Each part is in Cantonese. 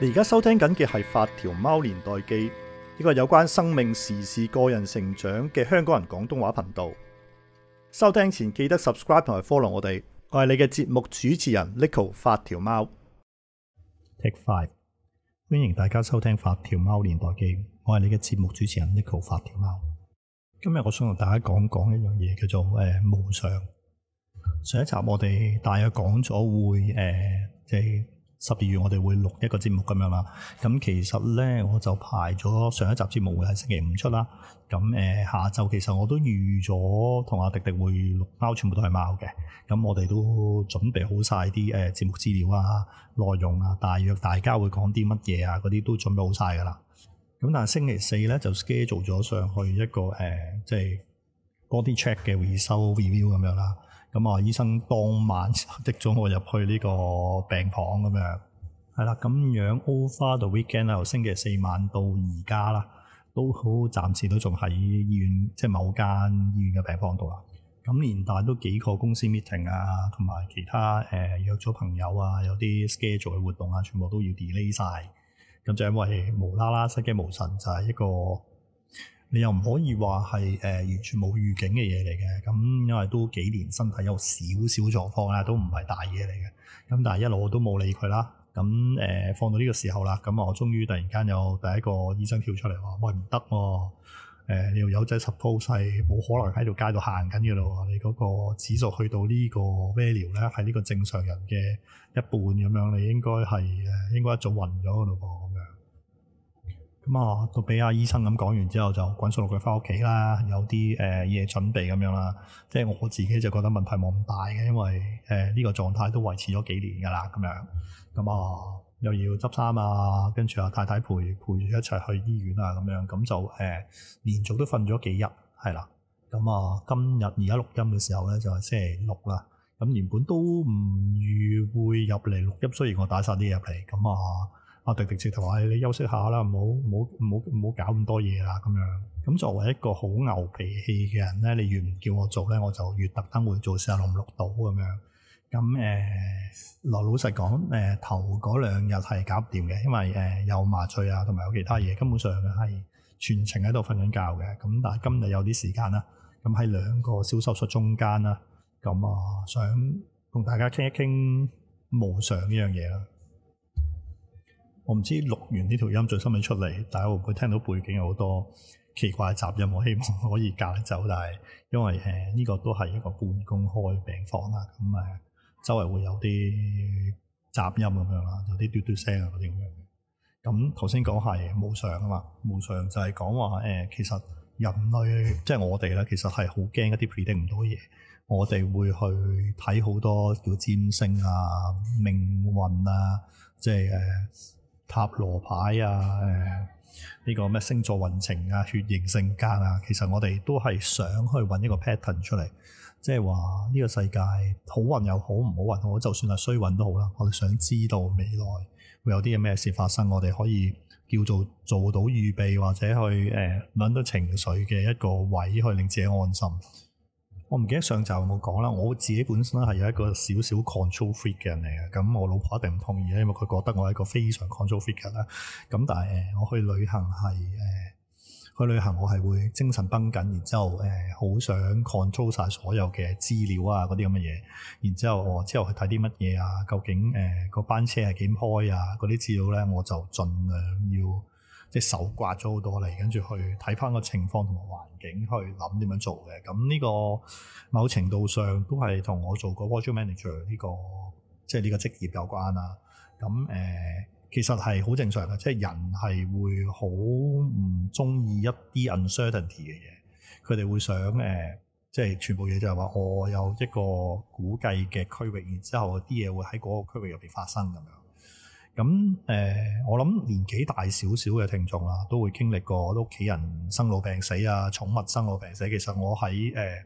你而家收聽緊嘅係《發條貓年代記》，一個有關生命、時事、個人成長嘅香港人廣東話頻道。收聽前記得 subscribe 同埋 follow 我哋。我係你嘅節目主持人 Neko 發條貓。Take five，歡迎大家收聽《發條貓年代記》。我係你嘅節目主持人 Neko 發條貓。今日我想同大家講講一樣嘢，叫做誒無常。呃無常上一集我哋大約講咗會誒，即係十二月我哋會錄一個節目咁樣啦。咁其實咧，我就排咗上一集節目會喺星期五出啦。咁誒、呃，下晝其實我都預咗同阿迪迪會錄貓，貓全部都係貓嘅。咁我哋都準備好晒啲誒節目資料啊、內容啊，大約大家會講啲乜嘢啊，嗰啲都準備好晒噶啦。咁但係星期四咧就 schedule 咗上去一個誒、呃，即係 body check 嘅回收 review 咁樣啦。咁啊，我醫生當晚就篤咗我入去呢個病房咁樣，係啦，咁樣 over the weekend 星期四晚到而家啦，都好暫時都仲喺醫院，即係某間醫院嘅病房度啦。咁連帶都幾個公司 meeting 啊，同埋其他誒、呃、約咗朋友啊，有啲 schedule 嘅活動啊，全部都要 delay 晒。咁就因為無啦啦失驚無神，就係一個。你又唔可以話係誒完全冇預警嘅嘢嚟嘅，咁因為都幾年身體有少少狀況啦，都唔係大嘢嚟嘅。咁但係一路我都冇理佢啦。咁誒、呃、放到呢個時候啦，咁我終於突然間有第一個醫生跳出嚟話，喂唔得喎！你個友仔 suppose 係冇可能喺度街度行緊嘅咯。你嗰個指數去到呢個 value 咧，係呢個正常人嘅一半咁樣，你應該係誒應該一早暈咗嗰度喎咁樣。嗯咁啊，都俾阿醫生咁講完之後，就滾數落佢翻屋企啦。有啲誒嘢準備咁樣啦。即係我自己就覺得問題冇咁大嘅，因為誒呢、呃這個狀態都維持咗幾年㗎啦。咁樣，咁、嗯、啊又要執衫啊，跟住阿太太陪陪住一齊去醫院啊。咁樣，咁就誒、呃、連續都瞓咗幾日，係啦。咁、嗯、啊，今日而家錄音嘅時候咧，就係、是、星期六啦。咁、嗯、原本都唔預會入嚟錄音，雖然我打晒啲嘢入嚟，咁啊。嗯我直直接同話：你休息下啦，唔好唔好唔好搞咁多嘢啦，咁樣。咁作為一個好牛脾氣嘅人咧，你越唔叫我做咧，我就越特登會做四十六六到咁樣。咁誒，嗱老實講，誒頭嗰兩日係搞唔掂嘅，因為誒有麻醉啊，同埋有其他嘢，根本上係全程喺度瞓緊覺嘅。咁但係今日有啲時間啦，咁喺兩個小手術中間啦，咁啊想同大家傾一傾無常呢樣嘢啦。我唔知錄完呢條音最新嘅出嚟，但係我會聽到背景有好多奇怪嘅雜音。我希望可以隔離走，但係因為誒呢個都係一個半公開病房啦，咁誒周圍會有啲雜音咁樣啦，有啲嘟嘟聲啊嗰啲咁樣嘅。咁頭先講係無常啊嘛，無常就係講話誒，其實人類即係我哋咧，其實係好驚一啲 predict 唔到嘢。我哋會去睇好多叫占星啊、命運啊，即係誒。塔羅牌啊，誒、哎、呢、呢個咩星座運程啊、血型性格啊，其實我哋都係想去揾一個 pattern 出嚟，即係話呢個世界好運又好唔好運，我就算係衰運都好啦，我哋想知道未來會有啲咩事發生，我哋可以叫做做到預備，或者去誒揾到情緒嘅一個位，去令自己安心。我唔記得上集有冇講啦，我自己本身係有一個少少 control freak 嘅人嚟嘅，咁我老婆一定唔同意，因為佢覺得我係一個非常 control freak 嘅人啦。咁但係誒，我去旅行係誒，去旅行我係會精神繃緊，然之後誒好想 control 晒所有嘅資料啊嗰啲咁嘅嘢，然之後我之後去睇啲乜嘢啊，究竟誒個、呃、班車係點開啊，嗰啲資料咧我就儘量要。即係手刮咗好多嚟，跟住去睇翻個情況同埋環境，去諗點樣做嘅。咁呢個某程度上都係同我做過 virtual manager 呢、呢個即係呢個職業有關啦。咁誒、呃、其實係好正常嘅，即係人係會好唔中意一啲 uncertainty 嘅嘢，佢哋會想誒、呃、即係全部嘢就係話我有一個估計嘅區域，然之後啲嘢會喺嗰個區域入邊發生咁樣。咁誒、呃，我諗年紀大少少嘅聽眾啦、啊，都會經歷過屋企人生老病死啊，寵物生老病死。其實我喺誒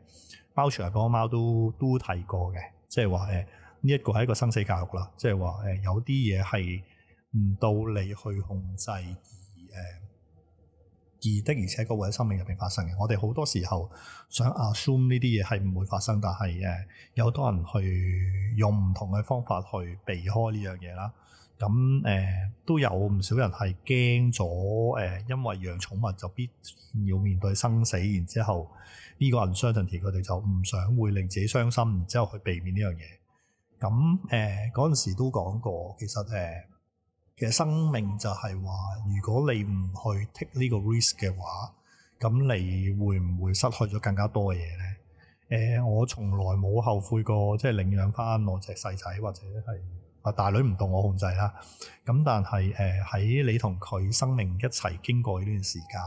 貓傳播貓都都提過嘅，即係話誒呢一個係一個生死教育啦。即係話誒有啲嘢係唔到你去控制而、呃，而誒而的，而且確會喺生命入面發生嘅。我哋好多時候想 assume 呢啲嘢係唔會發生，但係誒、呃、有多人去用唔同嘅方法去避開呢樣嘢啦。咁誒都有唔少人係驚咗誒，因為養寵物就必要面對生死，然之後呢個 uncertainty 佢哋就唔想會令自己傷心，然之後去避免呢樣嘢。咁誒嗰陣時都講過，其實誒、呃、其實生命就係話，如果你唔去 take 呢個 risk 嘅話，咁你會唔會失去咗更加多嘅嘢咧？誒、呃，我從來冇後悔過，即係領養翻我隻細仔或者係。大女唔到我控制啦，咁但係誒喺你同佢生命一齊經過呢段時間，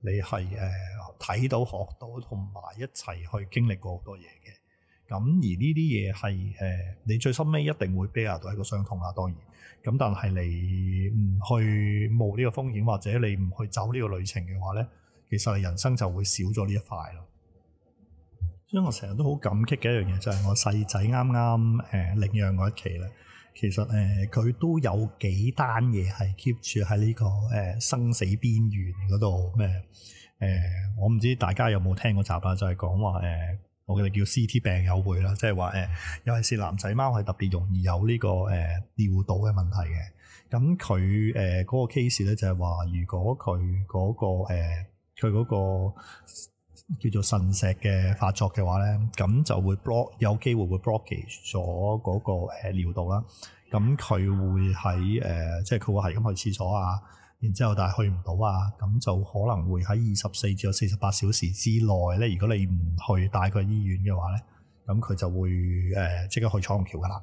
你係誒睇到、學到同埋一齊去經歷過好多嘢嘅。咁而呢啲嘢係誒你最深屘一定會 bear 到一個傷痛啦，當然。咁但係你唔去冒呢個風險，或者你唔去走呢個旅程嘅話咧，其實你人生就會少咗呢一塊咯。所以我成日都好感激嘅一樣嘢就係、是、我細仔啱啱誒領養嗰一期咧。其實誒佢、呃、都有幾單嘢係 keep 住喺呢個誒、呃、生死邊緣嗰度咩？誒、呃、我唔知大家有冇聽過嗰集啦，就係、是、講話誒、呃、我哋叫 CT 病友會啦，即係話誒，尤其是男仔貓係特別容易有呢、這個誒、呃、尿道嘅問題嘅。咁佢誒嗰個 case 咧就係話，如果佢嗰個佢嗰個。呃叫做腎石嘅發作嘅話咧，咁就會 block 有機會會 blockage 咗嗰個尿道啦。咁佢會喺誒、呃，即係佢話係咁去廁所啊，然之後但係去唔到啊，咁就可能會喺二十四至到四十八小時之內咧。如果你唔去帶佢去醫院嘅話咧，咁佢就會誒呃、即刻去彩虹橋噶啦。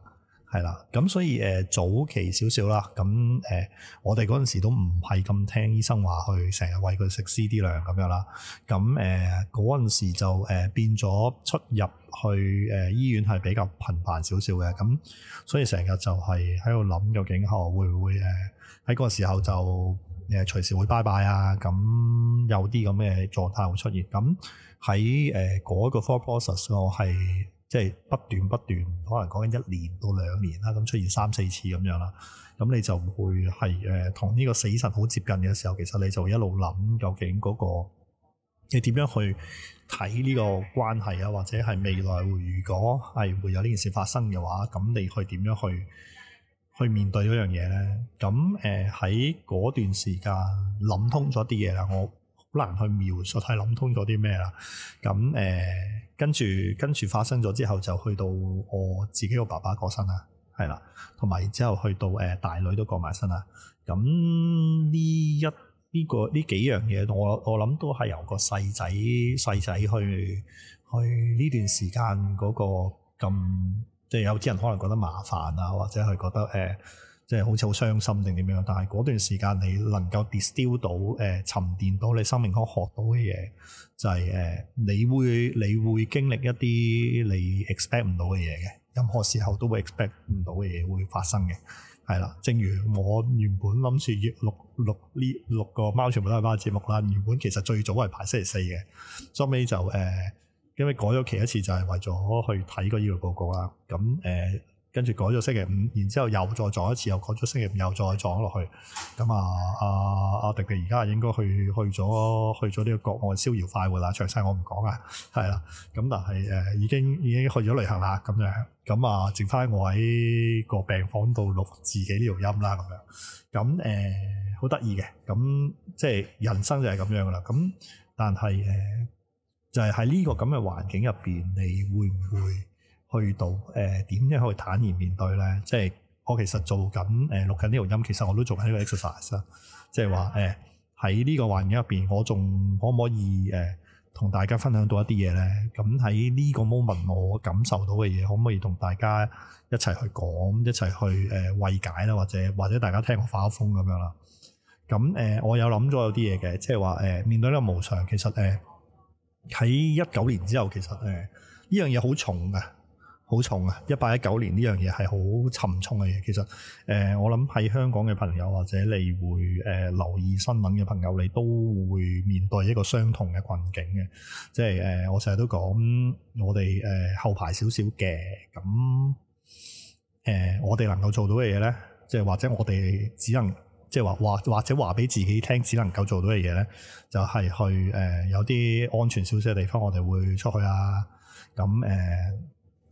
係啦，咁所以誒、呃、早期少少啦，咁誒、呃、我哋嗰陣時都唔係咁聽醫生話，去成日餵佢食 C D 糧咁樣啦，咁誒嗰陣時就誒、呃、變咗出入去誒、呃、醫院係比較頻繁少少嘅，咁所以成日就係喺度諗究竟會唔會誒喺嗰個時候就誒、呃、隨時會拜拜 e b 啊，咁有啲咁嘅狀態會出現，咁喺誒嗰個 four process 我係。即係不斷不斷，可能講緊一年到兩年啦，咁出現三四次咁樣啦，咁你就唔會係誒同呢個死神好接近嘅時候，其實你就一路諗究竟嗰個你點樣去睇呢個關係啊，或者係未來會如果係會有呢件事發生嘅話，咁你去點樣去去面對嗰樣嘢咧？咁誒喺嗰段時間諗通咗啲嘢啦，我。好難去描述，太諗通咗啲咩啦？咁誒、呃，跟住跟住發生咗之後，就去到我自己個爸爸過身啦，係啦，同埋之後去到誒、呃、大女都過埋身啦。咁呢一呢、個呢幾樣嘢，我我諗都係由個細仔細仔去去呢段時間嗰個咁，即係有啲人可能覺得麻煩啊，或者係覺得誒。呃即係好似好傷心定點樣？但係嗰段時間你能夠 distill 到誒、呃、沉澱到你生命可學到嘅嘢，就係、是、誒你會你會經歷一啲你 expect 唔到嘅嘢嘅，任何時候都會 expect 唔到嘅嘢會發生嘅，係啦。正如我原本諗住錄錄呢六個貓全部都係貓節目啦，原本其實最早係排星期四嘅，收尾就誒、呃、因為改咗期一次，就係為咗去睇個醫療報告啦。咁、嗯、誒。呃跟住改咗星期五，然之後又再撞一次，又改咗星期五，又再撞落去。咁啊，阿、啊、阿迪迪而家應該去去咗去咗呢個國外逍遙快活啦。詳細我唔講啊，係啦。咁但係誒、呃，已經已經去咗旅行啦。咁樣咁啊、呃，剩翻我喺個病房度錄自己呢條音啦。咁樣咁誒，好得意嘅。咁、呃、即係人生就係咁樣噶啦。咁但係誒、呃，就係喺呢個咁嘅環境入邊，你會唔會？去到誒點、呃、樣去坦然面對咧？即係我其實做緊誒、呃、錄緊呢條音，其實我都做緊呢個 exercise，即係話誒喺呢個環境入邊，我仲可唔可以誒、呃、同大家分享到一啲嘢咧？咁喺呢個 moment 我感受到嘅嘢，可唔可以同大家一齊去講，一齊去誒、呃、慰解咧？或者或者大家聽我發下瘋咁樣啦？咁誒、呃、我有諗咗有啲嘢嘅，即係話誒面對呢個無常，其實誒喺一九年之後，其實誒呢樣嘢好重嘅。好重啊！一八一九年呢樣嘢係好沉重嘅嘢。其實，誒、呃、我諗喺香港嘅朋友或者你會誒、呃、留意新聞嘅朋友，你都會面對一個相同嘅困境嘅。即係誒、呃，我成日都講我哋誒、呃、後排少少嘅，咁誒、呃、我哋能夠做到嘅嘢咧，即係或者我哋只能即係話話或者話俾自己聽，只能夠做到嘅嘢咧，就係、是、去誒、呃、有啲安全少少嘅地方，我哋會出去啊。咁誒、呃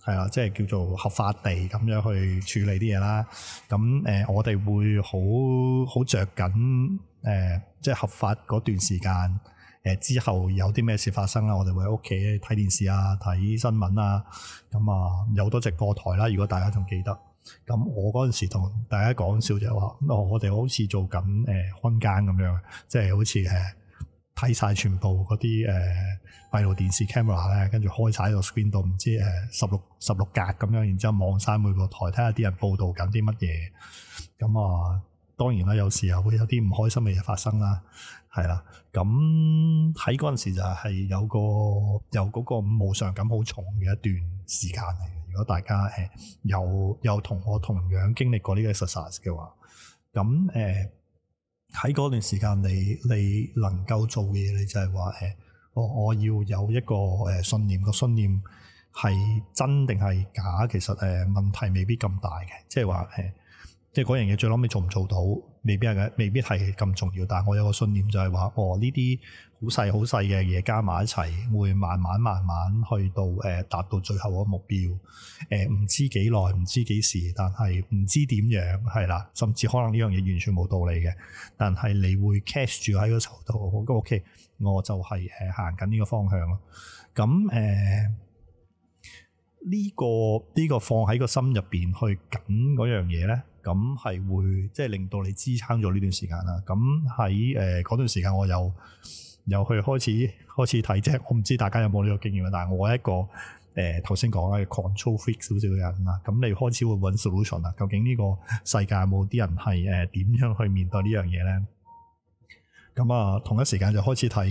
係啦，即係叫做合法地咁樣去處理啲嘢啦。咁誒、呃，我哋會好好着緊誒、呃，即係合法嗰段時間。誒、呃、之後有啲咩事發生啦，我哋會喺屋企睇電視啊，睇新聞啊。咁啊，有好多直播台啦。如果大家仲記得，咁我嗰陣時同大家講笑就話、呃，我我哋好似做緊誒、呃、空間咁樣，即係好似誒。睇晒全部嗰啲誒閉路電視 camera 咧，跟住開晒喺個 screen 度，唔知誒十六十六格咁樣，然之後望晒每個台，睇下啲人報道緊啲乜嘢。咁、嗯、啊，當然啦，有時候會有啲唔開心嘅嘢發生啦，係啦。咁喺嗰陣時就係有個有嗰個無常感好重嘅一段時間嚟嘅。如果大家誒有有同我同樣經歷過呢個 surprise 嘅話，咁誒。呃喺嗰段時間，你你能夠做嘅嘢，你就係話誒，我、哦、我要有一個誒信念，這個信念係真定係假，其實誒問題未必咁大嘅，即係話誒。呃即係嗰樣嘢，最撚尾做唔做到，未必係，未必係咁重要。但係我有個信念，就係話：哦，呢啲好細好細嘅嘢加埋一齊，會慢慢慢慢去到誒、呃，達到最後嗰個目標。誒、呃，唔知幾耐，唔知幾時，但係唔知點樣係啦。甚至可能呢樣嘢完全冇道理嘅，但係你會 cash 住喺個籌度。咁 OK，我就係誒行緊呢個方向咯。咁誒呢個呢、呢個放喺個心入邊去緊嗰樣嘢咧？咁係會即係令到你支撐咗呢段時間啦。咁喺誒嗰段時間，呃、時間我又又去開始開始睇啫。即我唔知大家有冇呢個經驗啦。但係我一個誒頭先講啦嘅 control freak 少少嘅人啦。咁你開始會揾 solution 啦。究竟呢個世界有冇啲人係誒點樣去面對呢樣嘢咧？咁啊，同一時間就開始睇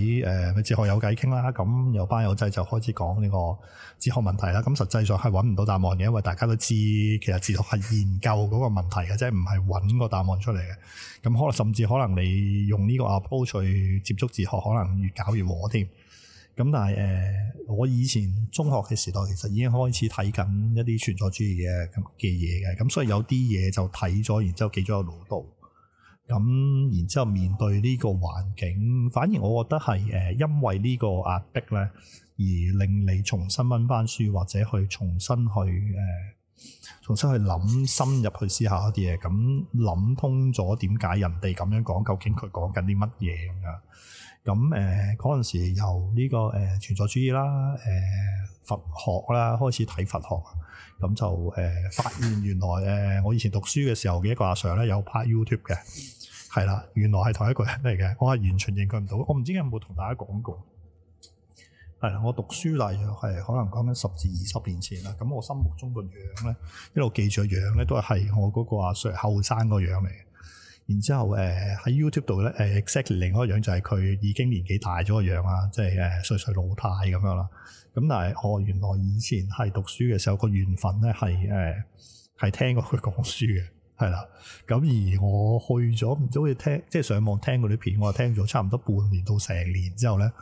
誒哲學有偈傾啦，咁有班友仔就開始講呢個哲學問題啦。咁實際上係揾唔到答案嘅，因為大家都知其實哲學係研究嗰個問題嘅啫，唔係揾個答案出嚟嘅。咁可能甚至可能你用呢個 App 去接觸哲學，可能越搞越和添。咁但係誒、呃，我以前中學嘅時代其實已經開始睇緊一啲存在主義嘅嘅嘢嘅，咁所以有啲嘢就睇咗，然之後記咗喺腦度。咁然之後面對呢個環境，反而我覺得係誒，因為呢個壓迫咧，而令你重新揾翻書，或者去重新去誒，重新去諗深入去思考一啲嘢。咁諗通咗點解人哋咁樣講，究竟佢講緊啲乜嘢咁樣？咁誒嗰陣時由呢個誒存在主義啦、誒佛學啦開始睇佛學，咁就誒、呃、發現原來誒、呃、我以前讀書嘅時候嘅一個阿 Sir 咧有拍 YouTube 嘅。係啦，原來係同一個人嚟嘅，我係完全認佢唔到。我唔知點解冇同大家講過，係啦，我讀書大約係可能講緊十至二十年前啦。咁我心目中個樣咧，一路記住個樣咧，都係我嗰個阿 Sir 後生個樣嚟。然之後誒喺、呃、YouTube 度咧 exactly 另一個樣就係佢已經年紀大咗個樣啊，即係誒衰衰老態咁樣啦。咁但係我原來以前係讀書嘅時候，個緣分咧係誒係聽過佢講書嘅。係啦，咁而我去咗唔知好似聽即係上網聽嗰啲片，我又聽咗差唔多半年到成年之後咧，誒、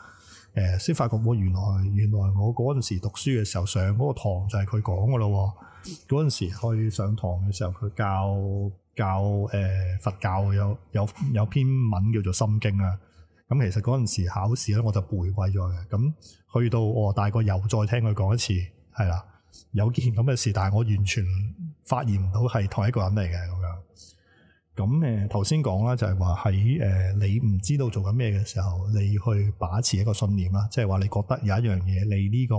呃、先發覺我原來原來我嗰陣時讀書嘅時候上嗰個堂就係佢講嘅咯喎，嗰陣時去上堂嘅時候佢教教誒、呃、佛教有有有，有篇文叫做《心經》啊，咁其實嗰陣時考試咧我就背遺咗嘅，咁去到我大概又再聽佢講一次，係啦，有件咁嘅事，但係我完全。發現唔到係同一個人嚟嘅咁樣，咁誒頭先講啦，就係話喺誒你唔知道做緊咩嘅時候，你去把持一個信念啦，即係話你覺得有一樣嘢你呢個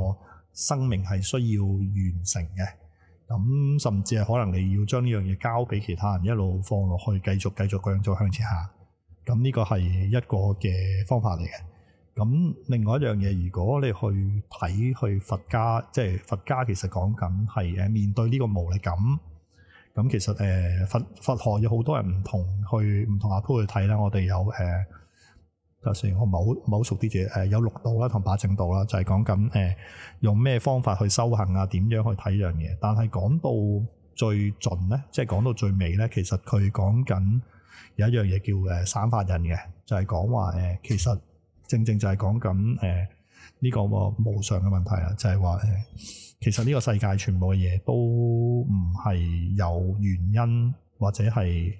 生命係需要完成嘅，咁甚至係可能你要將呢樣嘢交俾其他人一路放落去，繼續繼續繼續向前行，咁呢個係一個嘅方法嚟嘅。咁另外一樣嘢，如果你去睇去佛家，即係佛家其實講緊係誒面對呢個無力感。咁其實誒、呃、佛佛學有好多人唔同去唔同 approach 去睇啦。我哋有誒，頭、呃、先我冇冇熟啲嘢，誒、呃，有六度啦同八正道啦，就係講緊誒用咩方法去修行啊？點樣去睇樣嘢？但係講到最盡咧，即係講到最尾咧，其實佢講緊有一樣嘢叫誒三法印嘅，就係講話誒其實。正正就係講緊誒呢個無常嘅問題啊，就係話誒，其實呢個世界全部嘅嘢都唔係有原因或者係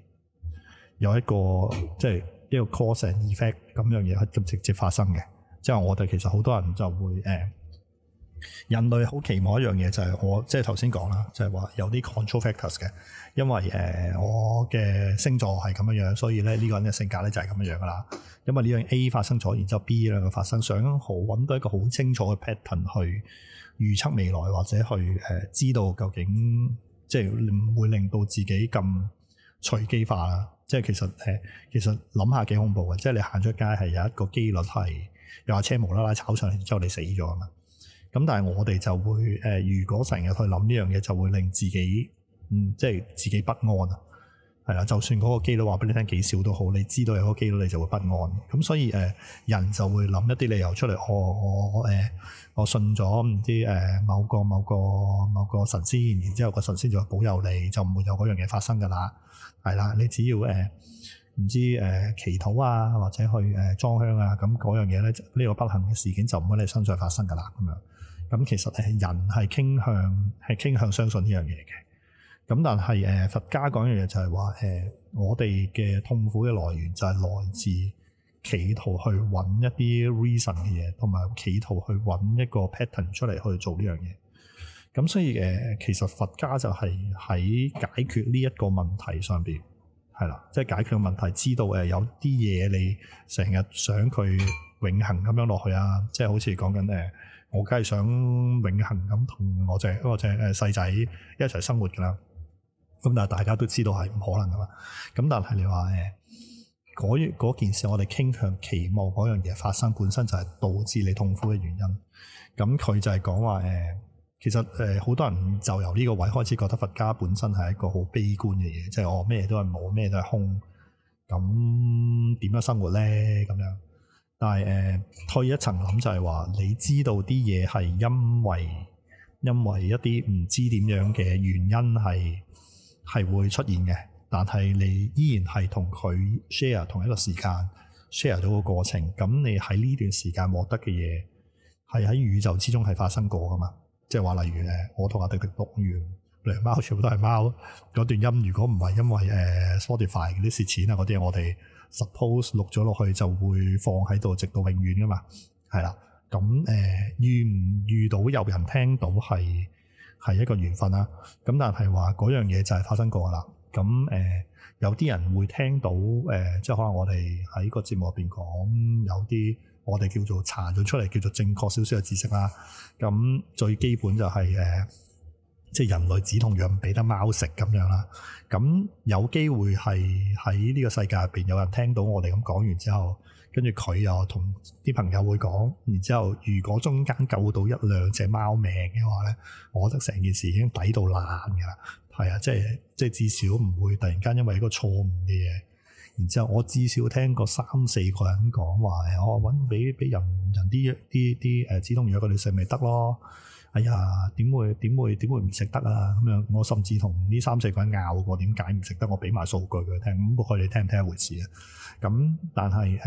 有一個即係、就是、一個 cause effect 咁樣嘢係咁直接發生嘅，即係我哋其實好多人就會誒。呃人類好期望一樣嘢就係我即係頭先講啦，就係話有啲 control factors 嘅，因為誒我嘅星座係咁樣，所以咧呢個人嘅性格咧就係咁樣樣噶啦。因為呢樣 A 發生咗，然之後 B 兩個發生，想好揾到一個好清楚嘅 pattern 去預測未來，或者去誒、呃、知道究竟即係唔會令到自己咁隨機化啦。即係其實誒，其實諗下幾恐怖啊！即係你行出街係有一個機率係有架車無啦啦炒上嚟，之後你死咗啊嘛～咁但係我哋就會誒、呃，如果成日去諗呢樣嘢，就會令自己嗯，即係自己不安啊。係啦，就算嗰個機率話俾你聽幾少都好，你知道有嗰機率，你就會不安。咁所以誒、呃，人就會諗一啲理由出嚟、哦，我我我、呃、我信咗唔知誒、呃、某個某個某個神仙，然之後個神仙就保佑你，就唔會有嗰樣嘢發生㗎啦。係啦，你只要誒唔、呃、知誒、呃、祈禱啊，或者去誒裝、呃、香啊，咁嗰樣嘢咧，呢、這個不幸嘅事件就唔會喺你身上發生㗎啦咁樣。咁其實係人係傾向係傾向相信呢樣嘢嘅。咁但係誒，佛家講一樣嘢就係話誒，我哋嘅痛苦嘅來源就係來自企圖去揾一啲 reason 嘅嘢，同埋企圖去揾一個 pattern 出嚟去做呢樣嘢。咁所以誒、呃，其實佛家就係喺解決呢一個問題上邊係啦，即係解決問題，知道誒有啲嘢你成日想佢永恆咁樣落去啊，即係好似講緊誒。我梗係想永恆咁同我隻嗰隻誒細仔一齊生活㗎喇，咁但係大家都知道係唔可能㗎嘛。咁但係你話誒嗰件事，我哋傾向期望嗰樣嘢發生，本身就係導致你痛苦嘅原因。咁佢就係講話誒，其實誒好多人就由呢個位開始覺得佛家本身係一個好悲觀嘅嘢，即係我咩都係冇，咩都係空，咁點樣生活咧？咁樣。但係誒、呃、退一層諗就係話，你知道啲嘢係因為因為一啲唔知點樣嘅原因係係會出現嘅。但係你依然係同佢 share 同一個時間 share 咗個過程，咁你喺呢段時間獲得嘅嘢係喺宇宙之中係發生過噶嘛？即係話例如誒，我同阿迪迪讀完例如貓全部都係貓嗰段音，如果唔係因為誒、呃、Spotify 嗰啲蝕錢啊嗰啲，我哋。suppose 錄咗落去就會放喺度，直到永遠㗎嘛，係啦。咁誒、呃、遇唔遇到有人聽到係係一個緣分啦、啊。咁但係話嗰樣嘢就係發生過㗎啦。咁誒、呃、有啲人會聽到誒、呃，即係可能我哋喺個節目入邊講有啲我哋叫做查咗出嚟叫做正確少少嘅知識啦。咁最基本就係、是、誒。呃即係人類止痛藥唔畀得貓食咁樣啦，咁有機會係喺呢個世界入邊有人聽到我哋咁講完之後，跟住佢又同啲朋友會講，然之後如果中間救到一兩隻貓命嘅話咧，我覺得成件事已經抵到爛㗎喇。係啊，即係即係至少唔會突然間因為一個錯誤嘅嘢，然之後我至少聽過三四個人講話，我揾俾俾人人啲啲啲誒止痛藥個女食咪得咯。哎呀，點會點會點會唔食得啊？咁樣我甚至同呢三四個人拗過，點解唔食得？我畀埋數據佢聽，咁佢哋聽唔聽一回事啊。咁但係誒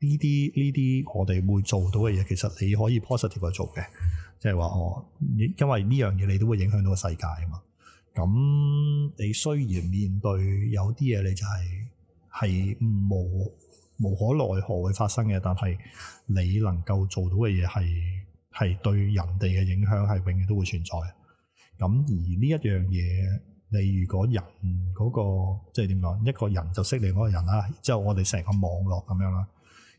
呢啲呢啲我哋會做到嘅嘢，其實你可以 positive 去做嘅，即係話哦，因為呢樣嘢你都會影響到個世界啊嘛。咁你雖然面對有啲嘢你就係、係、係無無可奈何會發生嘅，但係你能夠做到嘅嘢係。係對人哋嘅影響係永遠都會存在，咁而呢一樣嘢，你如果人嗰個即係點講，一個人就識另外一個人啦，之後我哋成個網絡咁樣啦，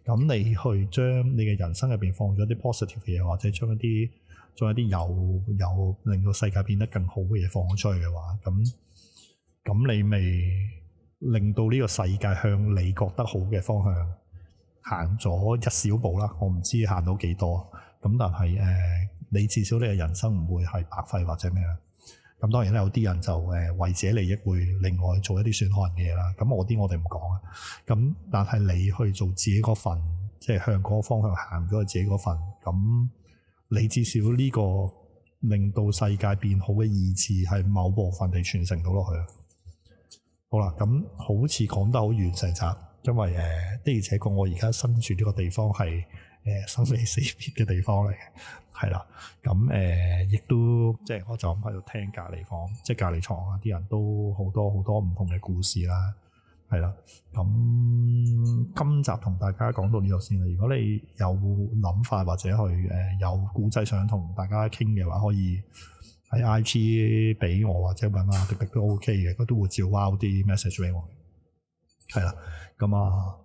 咁你去將你嘅人生入邊放咗啲 positive 嘅嘢，或者將一啲，仲有啲有有令到世界變得更好嘅嘢放咗出去嘅話，咁咁你咪令到呢個世界向你覺得好嘅方向行咗一小步啦，我唔知行到幾多。咁但係誒、呃，你至少你嘅人生唔會係白費或者咩啦。咁當然咧，有啲人就誒、呃、為自己利益會另外做一啲損害嘅嘢啦。咁我啲我哋唔講啊。咁但係你去做自己嗰份，即係向嗰個方向行咗個自己嗰份，咁、嗯、你至少呢個令到世界變好嘅意志係某部分地傳承到落去。好啦，咁、嗯、好似講得好完成集，因為誒、呃、的而且確我而家身處呢個地方係。誒、呃、生離死，死別嘅地方嚟嘅，係啦，咁誒亦都即係我就咁喺度聽隔離房，即係隔離床啊啲人都好多好多唔同嘅故事啦，係啦，咁今集同大家講到呢度先啦。如果你有諗法或者去誒、呃、有古仔想同大家傾嘅話，可以喺 IG 俾我或者問下滴滴都 OK 嘅，佢都會照 o 啲 message 畀我。係啦，咁啊、呃，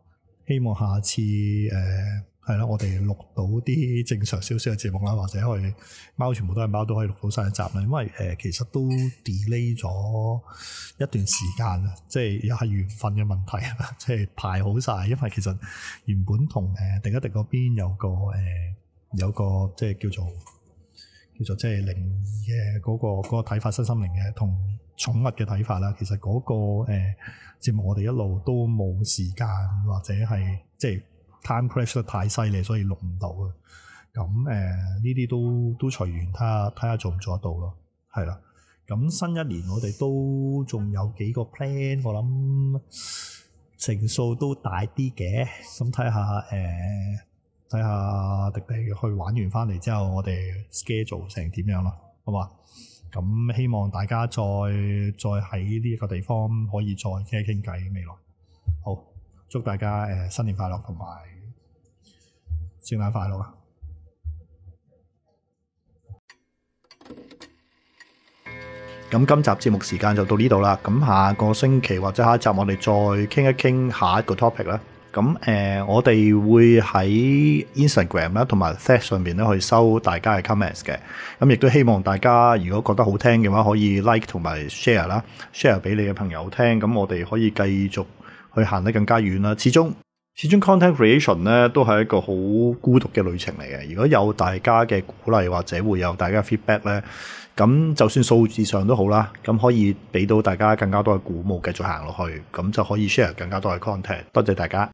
希望下次誒～、呃.係咯，我哋錄到啲正常少少嘅節目啦，或者可以貓全部都係貓都可以錄到晒一集啦。因為誒、呃、其實都 delay 咗一段時間啦，即係又係緣分嘅問題，即係排好晒。因為其實原本同誒、呃、定一定嗰邊有個誒、呃、有個即係叫做叫做即係靈異嘅嗰、嗰個嗰、嗰個睇、嗰個、法，身心靈嘅同寵物嘅睇法啦。其實嗰、嗰個誒、呃、節目我哋一路都冇時間或者係即係。Time crash 得太犀利，所以錄唔到啊！咁誒，呢、呃、啲都都隨緣，睇下睇下做唔做得到咯，係啦。咁新一年我哋都仲有幾個 plan，我諗成數都大啲嘅。咁睇下誒，睇下迪迪去玩完翻嚟之後，我哋 schedule 成點樣咯，好嘛？咁希望大家再再喺呢一個地方可以再傾一傾偈，未來。好，祝大家誒、呃、新年快樂同埋～聖誕快樂啊！咁今集節目時間就到呢度啦。咁下個星期或者下一集我哋再傾一傾下一個 topic 啦。咁誒、呃，我哋會喺 Instagram 啦，同埋 Facebook 上面咧，去收大家嘅 comments 嘅。咁亦都希望大家如果覺得好聽嘅話，可以 like 同埋 share 啦，share 俾你嘅朋友聽。咁我哋可以繼續去行得更加遠啦。始終。始終 content creation 咧，都係一個好孤獨嘅旅程嚟嘅，如果有大家嘅鼓勵或者會有大家 feedback 咧，咁就算數字上都好啦，咁可以俾到大家更加多嘅鼓舞，繼續行落去，咁就可以 share 更加多嘅 content。多謝大家。